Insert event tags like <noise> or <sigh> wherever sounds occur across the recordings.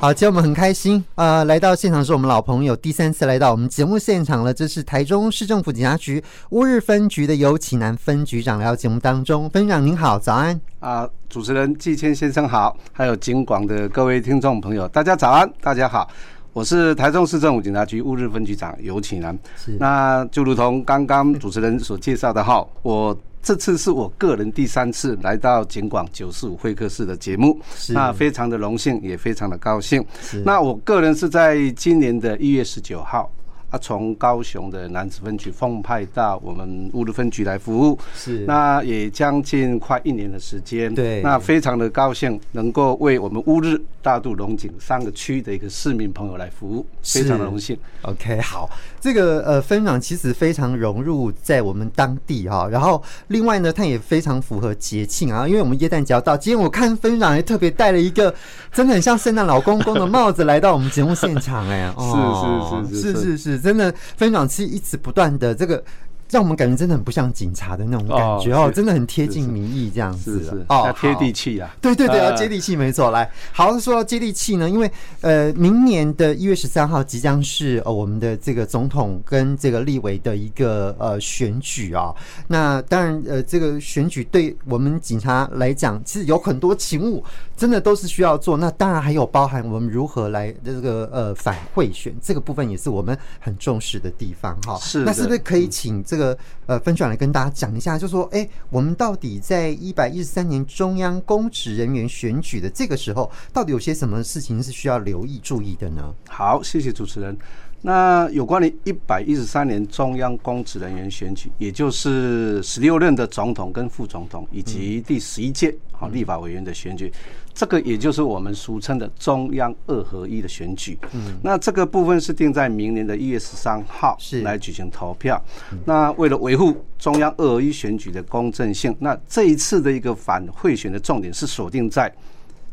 好，今天我們很開心，呃，來到現場是我們老朋友，第三次來到我們節目現場了。這是台中市政府警察局烏日分局的尤啟南分局長來到節目當中。分局長您好，早安！啊、呃，主持人季謙先生好，還有警廣的各位聽眾朋友，大家早安，大家好，我是台中市政府警察局烏日分局長尤啟南。是，那就如同剛剛主持人所介紹的好、嗯，我。這次是我個人第三次來到警廣九四五會客室的節目是，那非常的榮幸，也非常的高興。是那我個人是在今年的一月十九號。啊，從高雄的楠梓分局奉派到我們烏日分局來服務，是那也將近快一年的時間，對，那非常的高興能夠為我們烏日、大肚、龍井三個區的一個市民朋友來服務，非常的榮幸。OK，好，這個呃分長其實非常融入在我們當地哈、哦，然後另外呢，它也非常符合節慶啊，因為我們耶誕節要到，今天我看分長還特別戴了一個真的很像聖誕老公公的帽子來到我們節目現場、欸，哎、 <laughs> 哦，是是是是、哦、是，是是。真的，分享期一直不斷的這個。讓我們感覺真的很不像警察的那種感覺哦，哦，真的很貼近民意這樣子是是是是要、啊、哦，接地氣啊，對對對，要接地氣沒錯、呃。來，好，說到接地氣呢，因為呃，明年的一月十三號即將是呃我們的這個總統跟這個立委的一個呃選舉啊、哦，那當然呃這個選舉對我們警察來講，其實有很多勤務真的都是需要做，那當然還有包含我們如何來這個呃反賄選這個部分，也是我們很重視的地方哈、哦。是的，那是不是可以請這個？個呃，分轉來跟大家講一下，就是、說，哎、欸，我們到底在一百一十三年中央公職人員選舉的這個時候，到底有些什麼事情是需要留意、注意的呢？好，謝謝主持人。那有關於一百一十三年中央公職人員選舉，也就是十六任的總統跟副總統以及第十一屆好立法委員的選舉，這個也就是我們俗稱的中央二合一的選舉。嗯。那這個部分是定在明年的一月十三號來舉行投票。那為了維護中央二合一選舉的公正性，那這一次的一個反賄選的重點是鎖定在。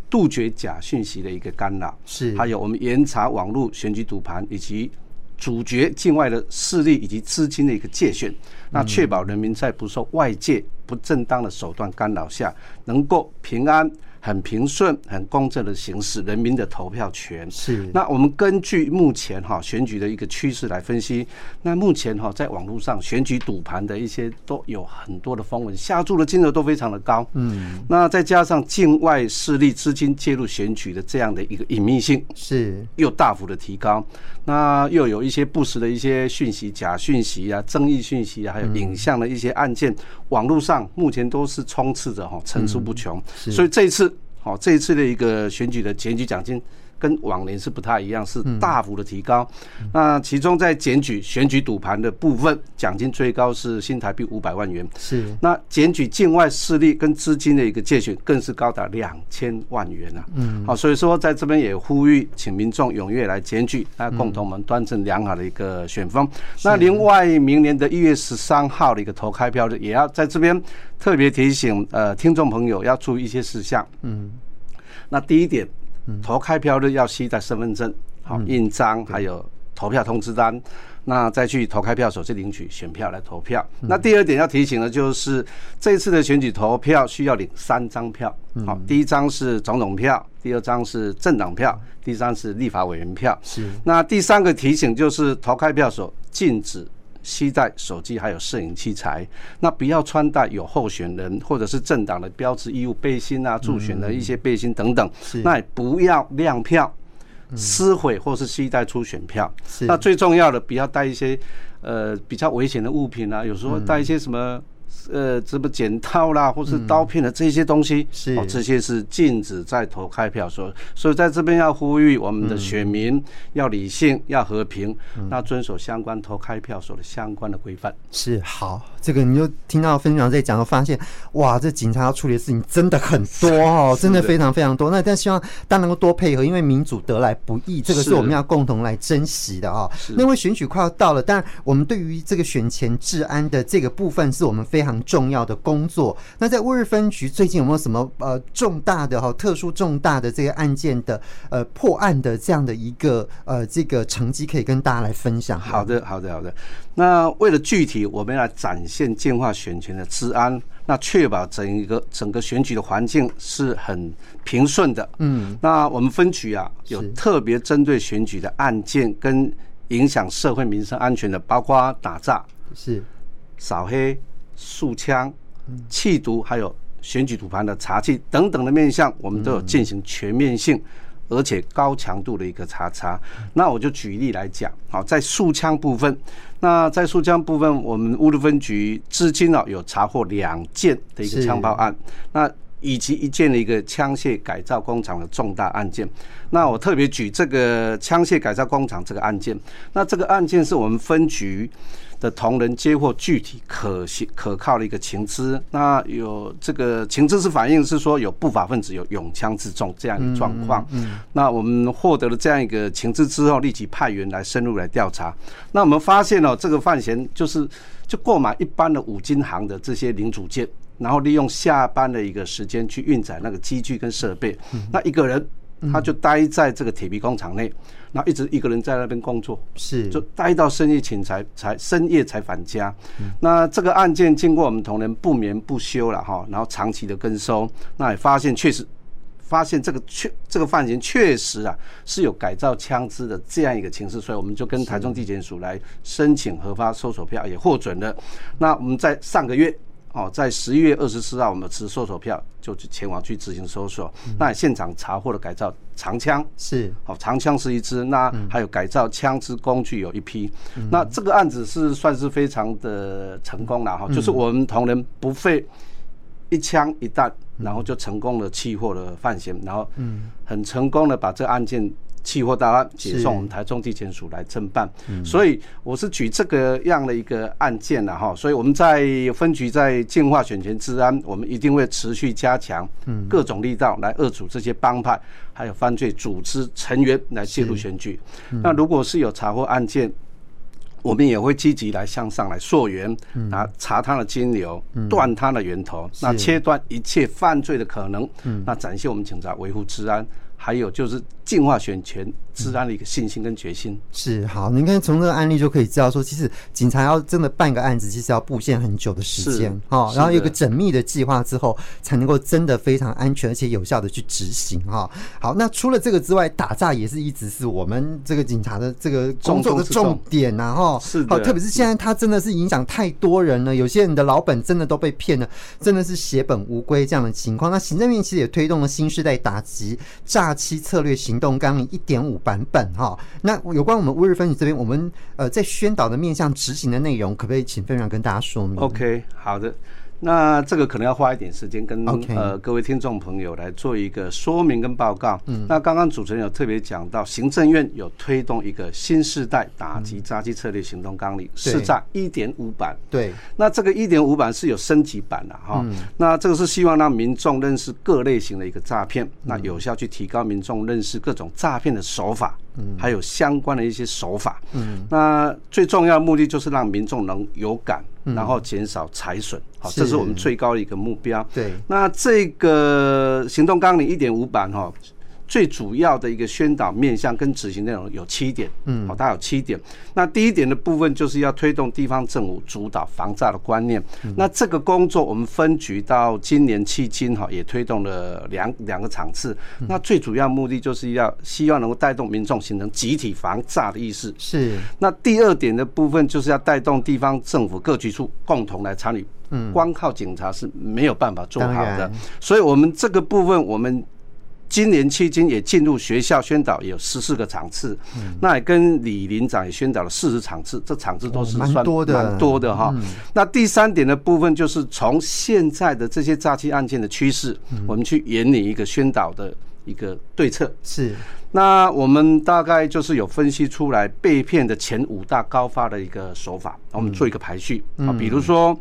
杜絕假訊息的一個干擾，是還有我們嚴查網絡選舉賭盤，以及阻絕境外的勢力以及資金的一個介選。那確保人民在不受外界不正當的手段干擾下，能夠平安。很平順、很公正的行使人民的投票權。是。那我們根據目前哈、啊、選舉的一個趨勢來分析，那目前哈、啊、在網絡上選舉賭盤的一些都有很多的風聞，下注的金額都非常的高。嗯。那再加上境外勢力資金介入選舉的這樣的一個隱密性，是，又大幅的提高。那又有一些不實的一些訊息、假訊息啊、爭議訊息啊，還有影像的一些案件，嗯、網絡上目前都是充斥着哈層出不窮、嗯。所以這一次。好，這一次的一個選舉的檢舉獎金，跟往年是不太一樣，是大幅的提高。嗯、那其中在檢舉選舉賭盤的部分，獎金最高是新台幣五百萬元。是。那檢舉境外勢力跟資金的一個介選，更是高達兩千萬元啊。嗯。好，所以說在這邊也呼籲，請民眾踴躍來檢舉，那共同我們端正良好的一個選風。嗯、那另外，明年的一月十三號的一個投開票日，也要在這邊特別提醒呃，聽眾朋友要注意一些事項。嗯。那第一點。投開票日要攜帶身份證、好、哦、印章、嗯，還有投票通知單，那再去投開票所去領取選票來投票。嗯、那第二點要提醒的，就是這次的選舉投票需要領三張票，好、哦，第一張是總統票，第二張是政黨票、嗯，第三是立法委員票。是。那第三個提醒就是投開票所禁止。攜帶手機還有攝影器材，那不要穿戴有候選人或者是政黨的標誌衣物、背心啊，助選的一些背心等等。嗯、那也不要亮票、嗯、撕毀或是攜帶出選票。是、那最重要的，不要帶一些呃比較危險的物品啊，有時候帶一些什麼。嗯呃，這個剪刀啦，或是刀片的這些東西、嗯是，哦，這些是禁止在投開票所。所以在這邊要呼籲我們的選民要理性，嗯、要和平、嗯，那遵守相關投開票所的相關的規範。是好。這個你就聽到分局長在講，就發現哇，這警察要處理的事情真的很多哦、喔，真的非常非常多。那但希望大家能夠多配合，因為民主得來不易，這個是我們要共同來珍惜的啊、喔。那位選舉快要到了，但我們對於這個選前治安的這個部分，是我們非常重要的工作。那在烏日分局最近有沒有什麼呃重大的哈特殊重大的這個案件的呃破案的這樣的一個呃這個成績可以跟大家來分享？好的，好的，好的。那為了具體，我們要來展現。現淨化選前的治安，那確保整一個整個選舉的環境是很平順的。嗯，那我們分局啊，有特別針對選舉的案件跟影響社會民生安全的，包括打詐是、掃黑、肅槍、緝毒，還有選舉賭盤的查緝等等的面向，我們都有進行全面性。嗯而且高強度的一個查察，那我就舉例來講，好，在肅槍部分，那在肅槍部分，我們烏日分局至今啊有查獲兩件的一個槍砲案，那。以及一件的一個槍械改造工廠的重大案件。那我特別舉這個槍械改造工廠這個案件。那這個案件是我們分局的同仁接獲具體可信可靠的一個情資。那有這個情資是反映是說有不法分子有擁槍自重這樣的狀況。那我們獲得了這樣一個情資之後，立即派員來深入來調查。那我們發現了、喔、這個犯嫌就是就購買一般的五金行的這些零組件。然後利用下班的一個時間去運載那個機具跟設備，嗯、那一個人他就待在這個鐵皮工廠內，那、嗯、一直一個人在那邊工作，是就待到深夜才才深夜才返家，嗯。那這個案件經過我們同仁不眠不休了哈，然後長期的跟蒐，那也發現確實發現這個確這個犯人確實啊是有改造槍支的這樣一個情事，所以我們就跟台中地檢署來申請核發搜索票，也獲准了。那我們在上個月。哦，在十一月二十四號，我們持搜索票就前往去執行搜索，嗯、那現場查獲的改造長槍是，哦，長槍是一支，那還有改造槍支工具有一批、嗯，那這個案子是算是非常的成功了哈、嗯，就是我們同仁不費一槍一彈、嗯，然後就成功的緝獲了犯嫌，然後嗯，很成功的把這個案件。槍砲大案解送我們台中地檢署來偵辦，所以我是舉這個樣的一個案件了哈。所以我們在分局在淨化選前治安，我們一定會持續加強各種力道來遏阻這些幫派還有犯罪組織成員來介入選舉。那如果是有查獲案件，我們也會積極來向上來溯源，查他的金流，斷他的源頭，那切斷一切犯罪的可能。那展現我們警察維護治安，還有就是，進化選權治安的一個信心跟決心、嗯、是好。您看，從這個案例就可以知道說，說其實警察要真的辦個案子，其實要布線很久的時間哈，然後有個縝密的計劃之後，才能夠真的非常安全而且有效的去執行哈。好，那除了這個之外，打詐也是一直是我們這個警察的這個工作的重點啊哈。是，好，特別是現在他真的是影響太多人了，有些人的老本真的都被騙了，真的是血本無歸這樣的情況。那行政院其實也推動了新世代打擊詐。詐欺策略行動綱領一點五版本哈，那有關我們烏日分局這邊，我們呃在宣導的面向執行的內容，可不可以請分局長跟大家說明？OK，好的。那這個可能要花一點時間跟 okay，呃各位聽眾朋友來做一個說明跟報告。嗯、那剛剛主持人有特別講到，行政院有推動一個新世代打擊詐欺策略行動綱領，識詐一點五版。500，對，那這個一點五版是有升級版的哈、嗯。那這個是希望讓民眾認識各類型的一個詐騙、嗯，那有效去提高民眾認識各種詐騙的手法，還有相關的一些手法，嗯，那最重要的目的就是讓民眾能有感，嗯、然後減少財損，好、嗯，這是我們最高的一個目標。對，那這個行動綱領一點五版哈。最主要的一個宣導面向跟執行內容有七點，嗯，好，大概有七點。那第一點的部分就是要推動地方政府主導防詐的觀念。那這個工作我們分局到今年迄今哈也推動了兩兩個場次。那最主要目的就是要希望能夠帶動民眾形成集體防詐的意識。是。那第二點的部分就是要帶動地方政府各局處共同來參與，嗯，光靠警察是沒有辦法做好的。所以，我們這個部分我們。今年迄今也進入學校宣導有十四個場次、嗯，那也跟里鄰長也宣導了四十場次，這場次都是算、哦、蠻多的，蠻多的哈、嗯。那第三點的部分就是從現在的這些詐欺案件的趨勢、嗯，我們去研擬一個宣導的一個對策。是，那我們大概就是有分析出來被騙的前五大高發的一個手法，嗯、我們做一個排序、嗯、啊，比如說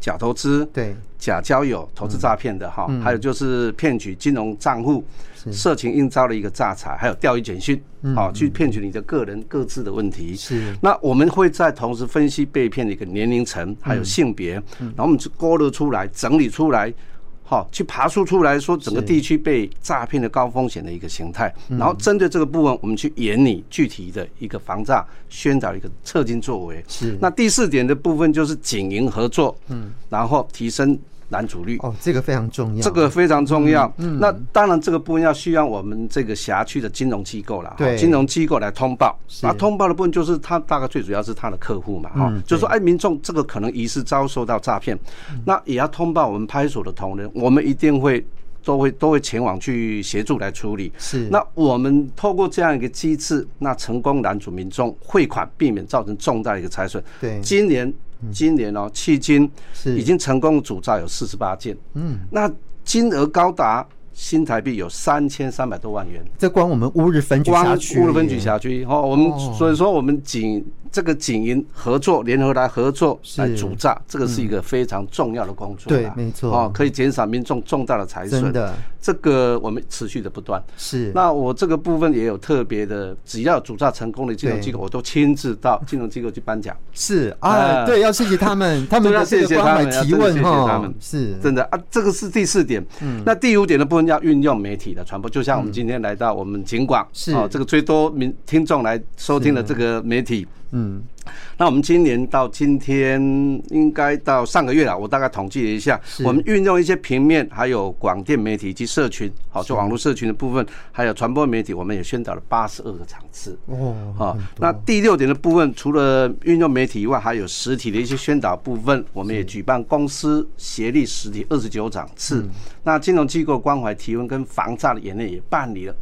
假投資，對。假交友、投資詐騙的哈，還有就是騙取金融賬戶、嗯、色情應召的一個詐財，還有釣魚簡訊，好、嗯、去騙取你的個人、各自的問題。是、嗯，那我們會在同時分析被騙的一個年齡層，還有性別、嗯嗯，然後我們去勾勒出來、整理出來，好去爬梳出來說整個地區被詐騙的高風險的一個形態、嗯，然後針對這個部分，我們去研擬具體的一個防詐、宣導一個策進作為。是，那第四點的部分就是警銀合作，嗯，然後提升。攔阻率哦，這個非常重要，這個非常重要。嗯，嗯，那當然這個部分要需要我們這個轄區的金融機構了，金融機構來通報。那通報的部分就是他大概最主要是他的客戶嘛，哈、嗯，就是、說哎，民眾這個可能疑似遭受到詐騙，那也要通報我們派出所的同仁、嗯，我們一定會都會都會前往去協助來處理。是，那我們透過這樣一個機制，那成功攔阻民眾匯款，避免造成重大的一個財損。對，今年。今年哦、喔，迄今已經成功阻詐有四十八件，嗯，那金額高達新台幣有三千三百多萬元，這關我們烏日分局轄區、欸，烏日分局轄區哦，我們所以說我們僅。這個警銀合作聯合來合作來阻詐、嗯，這個是一個非常重要的工作、啊。對，沒錯啊、哦，可以減少民眾重大的財損。的，這個我們持續的不斷。是。那我這個部分也有特別的，只要阻詐成功的金融機構，我都親自到金融機構去頒獎、嗯。是啊，對，要謝謝他們， <laughs> 他們要、啊、謝謝他們，要謝謝他們。是，真的啊，這個是第四點。嗯。那第五點的部分要運用媒體的傳播，就像我們今天來到我們警廣，是、嗯、啊、嗯哦，這個最多民聽眾來收聽的這個媒體。嗯，那我們今年到今天應該到上個月啊，我大概統計了一下，我們運用一些平面、還有廣電媒體及社群，好，做網絡社群的部分，還有傳播媒體，我們也宣導了八十二個場次。哦，好。那第六點的部分，除了運用媒體以外，還有實體的一些宣導部分，我們也舉辦公私協力實體二十九場次。那金融機構關懷提問跟防詐的演練也辦理了。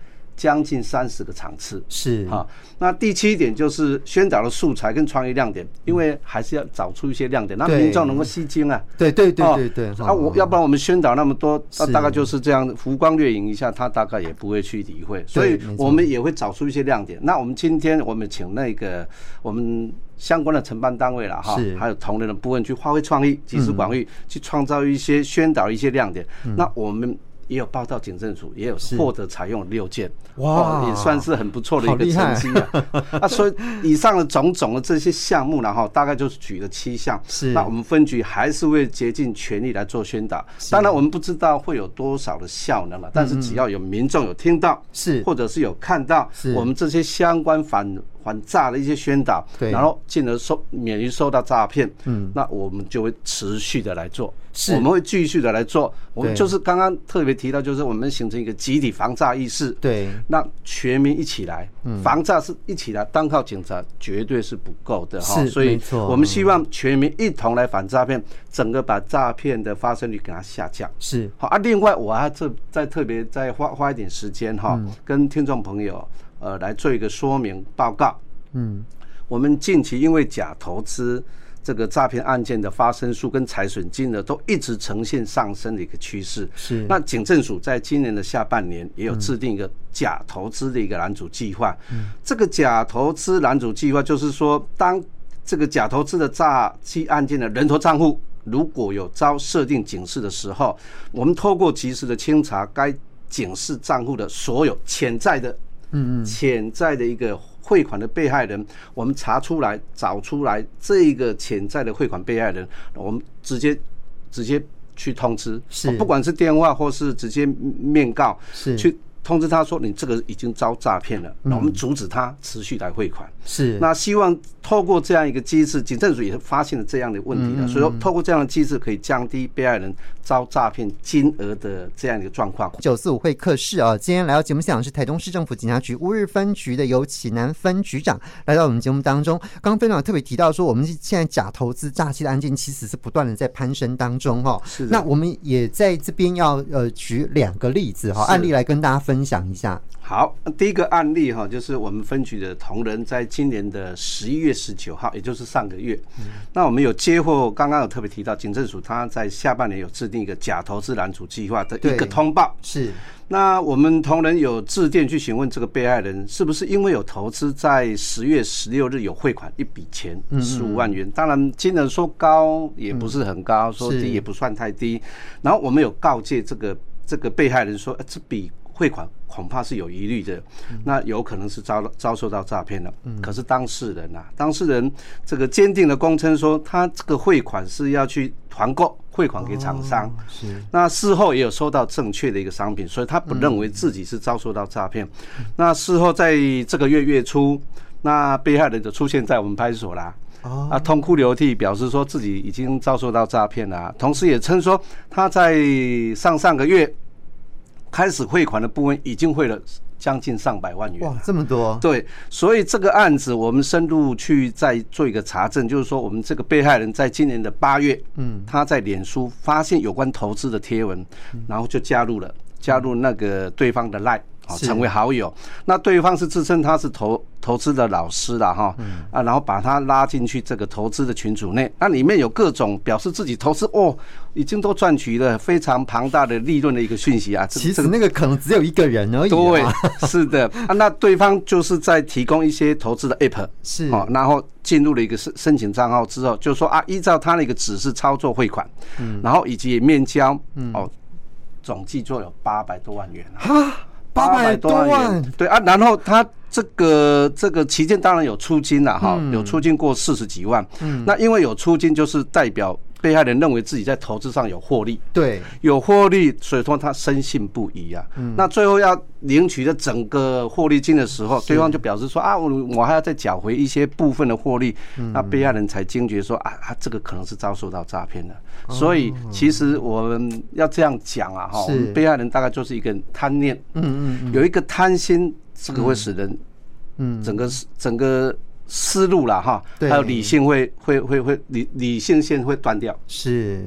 將近三十個場次是哈。哦，那第七點就是宣導的素材跟創意亮點，因為還是要找出一些亮點，讓民眾能夠吸睛啊。對對對對，那、哦哦啊、我要不然我們宣導那麼多，那、啊、大概就是這樣，浮光掠影一下，他大概也不會去理會。所以我們也會找出一些亮點。那我們今天我們請那個我們相關的承辦單位了哈，還有同仁的部分去發揮創意，集思廣益，去創造一些宣導一些亮點。嗯、那我們。也有報道，警政署也有，獲得採用六件，哇、wow，哦,也算是很不錯的一個成績了、啊。 <laughs> 啊,所以以上的種種的這些項目，然後大概就是舉了七項。是，那我們分局還是會竭盡全力來做宣導。當然，我們不知道會有多少的效能了，但是只要有民眾有聽到，是，或者是有看到，我們這些相關反。反詐的一些宣導，對，然後進而受免於受到詐騙，嗯，那我們就會持續的來做，是，我們會繼續的來做，我們就是剛剛特別提到，就是我們形成一個集體防詐意識，對、嗯，讓全民一起來，嗯，防詐是一起來，單靠警察絕對是不夠的哈，是，沒錯，我們希望全民一同來反詐騙，整個把詐騙的發生率給它下降，是，好，啊，另外我還特再特別再花花一點時間哈，跟聽眾朋友。呃，來做一個說明報告。嗯，我們近期因為假投資這個詐騙案件的發生數跟財損金額都一直呈現上升的一個趨勢。是。那警政署在今年的下半年也有制定一個假投資的一個攔阻計劃。嗯。這個假投資攔阻計劃就是說，當這個假投資的詐欺案件的人頭賬戶如果有遭設定警示的時候，我們透過及時的清查該警示賬戶的所有潛在的。嗯嗯，潛在的一個匯款的被害人，我們查出來、找出來這一個潛在的匯款被害人，我們直接、直接去通知，是，不管是電話或是直接面告，是去。通知他說你這個已經遭詐騙了，那我們阻止他持續來匯款、嗯。是，那希望透過這樣一個機制，警政署也發現了這樣的問題的，所以說透過這樣的機制可以降低被害人遭詐騙金額的這樣一個狀況。九四五會客室啊，今天來到節目現場是臺中市政府警察局烏日分局的尤啓南分局長來到我們節目當中。剛剛分局長特別提到說，我們現在假投資詐欺的案件其實是不斷的在攀升當中哈。是。那我們也在這邊要呃舉兩個例子哈案例來跟大家分分享一下，好，啊、第一個案例哈，就是我們分局的同仁在今年的十一月十九號，也就是上個月，嗯、那我們有接獲，剛剛有特別提到，警政署他在下半年有制定一個假投資藍圖計劃的一個通報，是，那我們同仁有致電去詢問這個被害人，是不是因為有投資，在十月十六日有匯款一筆錢十五萬元，嗯、當然金額說高也不是很高、嗯，說低也不算太低，然後我們有告誡這個這個被害人說，啊、這筆。匯款恐怕是有疑慮的，那有可能是遭了遭受到詐騙了、嗯。可是當事人啊，當事人這個堅定的供稱說，他這個匯款是要去團購匯款給廠商、哦是，那事後也有收到正確的一個商品，所以他不認為自己是遭受到詐騙。嗯、那事後在這個月月初，那被害人就出現在我們派出所啦，啊、哦，痛哭流涕，表示說自己已經遭受到詐騙了，同時也稱說他在上上個月。開始匯款的部分已經匯了將近上百萬元。哇，這麼多！對，所以這個案子我們深入去再做一個查證，就是說我們這個被害人在今年的八月，嗯，他在臉書發現有關投資的貼文，然後就加入了加入那個對方的 Line，成為好友，那對方是自稱他是投投資的老師啦，哈、嗯，啊，然後把他拉進去這個投資的群組內，那裡面有各種表示自己投資哦，已經都賺取了非常龐大的利潤的一個訊息啊、這個。其實那個可能只有一個人而已、啊，對， <laughs> 是的，啊、那對方就是在提供一些投資的 app，是哦，然後進入了一個申申請賬號之後，就說啊，依照他那個指示操作匯款，嗯，然後以及面交，嗯，哦，總計就有八百多萬元啊。八百多，多，多萬，對啊，然後他這個這個期間當然有出金了哈，有出金過四十幾萬，那因為有出金就是代表。被害人認為自己在投資上有獲利，對，有獲利，所以說他深信不疑啊。嗯、那最後要領取的整個獲利金的時候，對方就表示說：“啊，我我還要再繳回一些部分的獲利。嗯”那被害人才驚覺說：“啊啊，這個可能是遭受到詐騙的。哦”所以其實我們要這樣講啊，哈，被害人大概就是一個貪念，嗯嗯，嗯，有一個貪心，這個會使人，整、嗯、個、嗯、整個。整個思路了哈，還有理性會會會會理理性線會斷掉。是，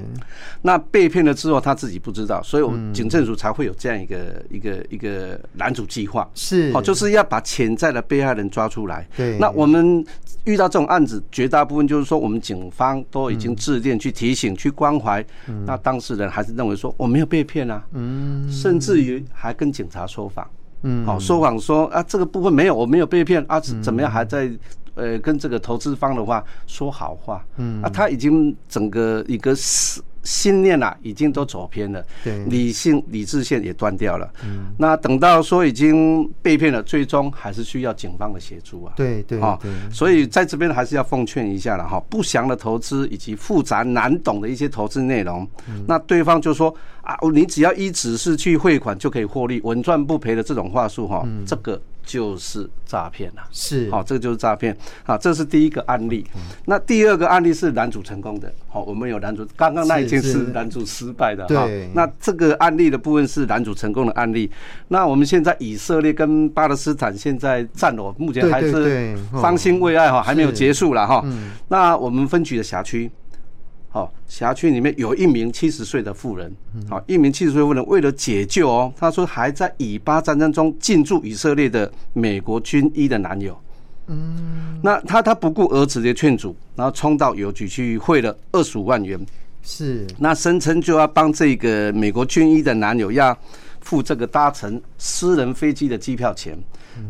那被騙了之後他自己不知道，所以我警政署才會有這樣一個一個一個攔阻計劃。是，好，就是要把潛在的被害人抓出來。對，那我們遇到這種案子，絕大部分就是說，我們警方都已經致電去提醒、去關懷，那當事人還是認為說我沒有被騙啊，嗯，甚至於還跟警察說謊，嗯，好，說謊說啊這個部分沒有，我沒有被騙啊，怎麼樣還在。呃，跟這個投資方的話說好話，嗯，啊，他已經整個一個信信念啊已經都走偏了，對，理性理智線也斷掉了，嗯，那等到說已經被騙了，最終還是需要警方的協助啊，對對，對，哦，所以在這邊還是要奉勸一下了哈，哦，不詳的投資以及複雜難懂的一些投資內容，嗯，那對方就說啊，你只要一直是去匯款就可以獲利，穩賺不賠的這種話術哈，哦，嗯，這個。就是詐騙啊，是哦、就是詐騙啦，是好，這個就是詐騙好，這是第一個案例。嗯、那第二個案例是攔阻成功的，好、哦，我們有攔阻。剛剛那一件是攔阻失敗的，哈、哦，那這個案例的部分是攔阻成功的案例。那我們現在以色列跟巴勒斯坦現在戰鬥，目前還是方興未艾哈，還沒有結束了哈、哦嗯。那我們分局的轄區。哦，轄區裡面有一名七十歲的婦人，哦，一名七十歲婦人為了解救哦，她說還在以巴戰爭中進駐以色列的美國軍醫的男友，嗯，那她她不顧兒子的勸阻，然後衝到郵局去匯了二十五萬元，是，那聲稱就要幫這個美國軍醫的男友要付這個搭乘私人飛機的機票錢。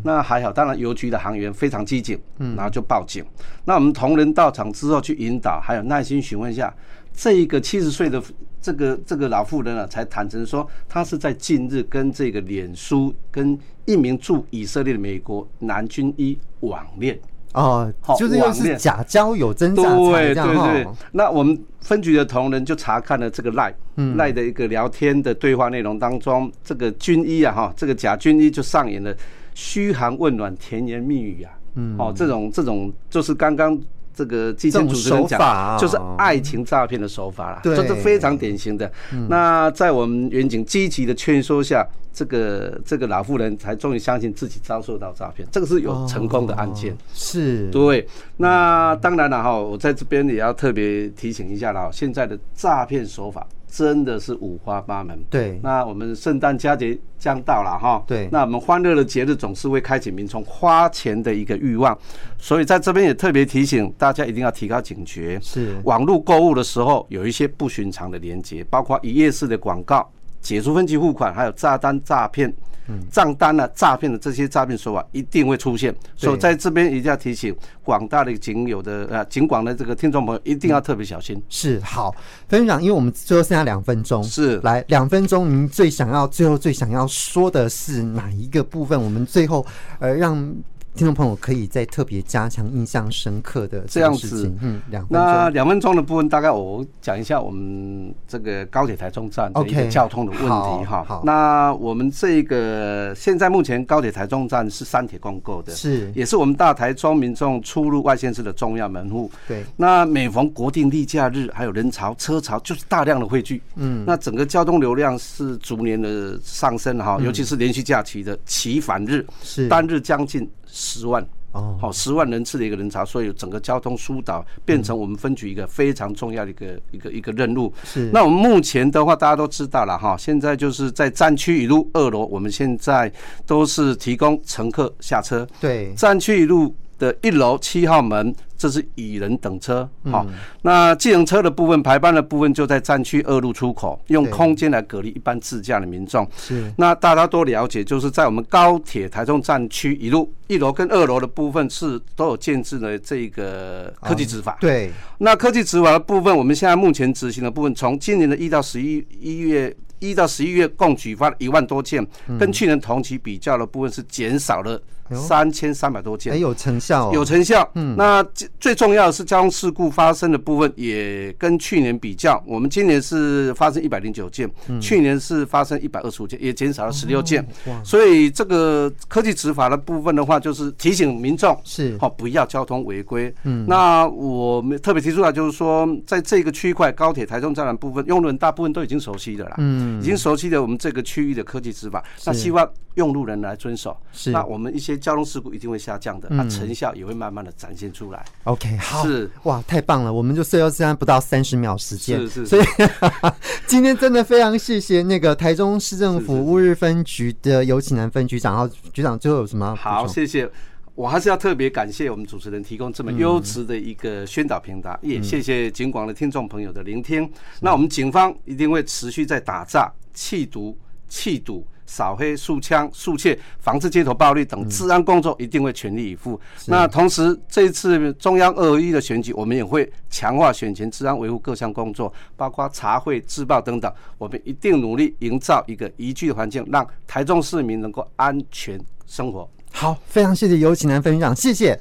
那還好，當然郵局的行員非常機警，嗯，然後就報警、嗯。嗯、那我們同仁到場之後去引導，還有耐心詢問一下，這一個七十歲的這個這個老婦人啊，才坦誠說，她是在近日跟這個臉書跟一名駐以色列的美國男軍醫網戀啊，就是又是假交友真渣，對對對、哦。那我們分局的同仁就查看了這個賴賴、嗯、的一個聊天的對話內容當中，這個軍醫啊，哈，這個假軍醫就上演了。噓寒問暖、甜言蜜語啊，嗯、哦，這種這種就是剛剛這個記者、主持人講，就是愛情詐騙的手法啦，這、嗯，就是非常典型的。嗯、那在我們員警積極的勸說下，這個這個老婦人才終於相信自己遭受到詐騙、哦，這個是有成功的案件，哦、是對。那當然了哈，我在這邊也要特別提醒一下了，現在的詐騙手法。真的是五花八門。對，那我們聖誕佳節將到了哈。對，那我們歡樂的節日總是會開啟民眾花錢的一個慾望，所以在這邊也特別提醒大家一定要提高警覺。是，網絡購物的時候有一些不尋常的連結，包括一頁式的廣告、解除分期付款，還有炸彈詐騙。嗯，賬單呢、啊？詐騙的這些詐騙手法一定會出現，所以在這邊一定要提醒廣大的警友的呃，警、啊、廣的這個聽眾朋友一定要特別小心。嗯、是好，分局長，因為我們最後剩下兩分鐘，是來兩分鐘，您最想要最後最想要說的是哪一個部分？我們最後呃讓。聽眾朋友可以再特別加強印象深刻的這，這樣子，嗯，兩那兩分鐘的部分大概我講一下我們這個高鐵台中站的一個交通的問題哈、okay。好，那我們這個現在目前高鐵台中站是三鐵共構的，是也是我們大台中民眾出入外縣市的重要門戶。對，那每逢國定例假日還有人潮車潮就是大量的匯聚，嗯，那整個交通流量是逐年的上升哈、嗯，尤其是連續假期的起返日是單日將近。十萬哦，好，十萬人次的一個人潮，所以整個交通疏導變成我們分局一個非常重要的一個、嗯、一個一個任務。是，那我們目前的話，大家都知道了哈，現在就是在站區一路二樓，我們現在都是提供乘客下車。對，站區一路的一樓七號門。這是以人等車，好、嗯哦。那計程車的部分、排班的部分就在站區二路出口，用空間來隔離一般自駕的民眾。是。那大家都了解，就是在我們高鐵台中站區一路一樓跟二樓的部分是都有建置了這個科技執法、嗯。對。那科技執法的部分，我們現在目前執行的部分，從今年的一到十一一月一到十一月共舉發了一萬多件，跟去年同期比較的部分是減少了。三千三百多件，很、欸、有成效、哦、有成效。嗯，那最最重要的是交通事故發生的部分，也跟去年比較，我們今年是發生一百零九件、嗯，去年是發生一百二十五件，也減少了十六件、哦。哇，所以這個科技執法的部分的話，就是提醒民眾是哦，不要交通違規。嗯，那我們特別提出來就是說，在這個區塊高鐵台中站，站的部分，用路人大部分都已經熟悉的啦，嗯，已經熟悉的我們這個區域的科技執法，那希望用路人來遵守。是，那我們一些。交通事故一定會下降的，那、嗯啊、成效也會慢慢的展現出來。OK，好，是哇，太棒了！我們就最後現在不到三十秒時間，是是，是。所以 <laughs> 今天真的非常謝謝那個台中市政府霧日分局的尤啓南分局長，然後局長最後有什麼？好，謝謝。我還是要特別感謝我們主持人提供這麼優質的一個宣導平台、嗯，也謝謝警廣的聽眾朋友的聆聽、嗯。那我們警方一定會持續在打詐、緝毒、緝賭、掃黑、肅槍、肅竊、防治街頭暴力等治安工作，一定會全力以赴、嗯。那同時，這次中央二合一的選舉，我們也會強化選前治安維護各項工作，包括查賄、治暴等等。我們一定努力營造一個宜居環境，讓台中市民能夠安全生活。好，非常謝謝尤啓南分局長，謝謝。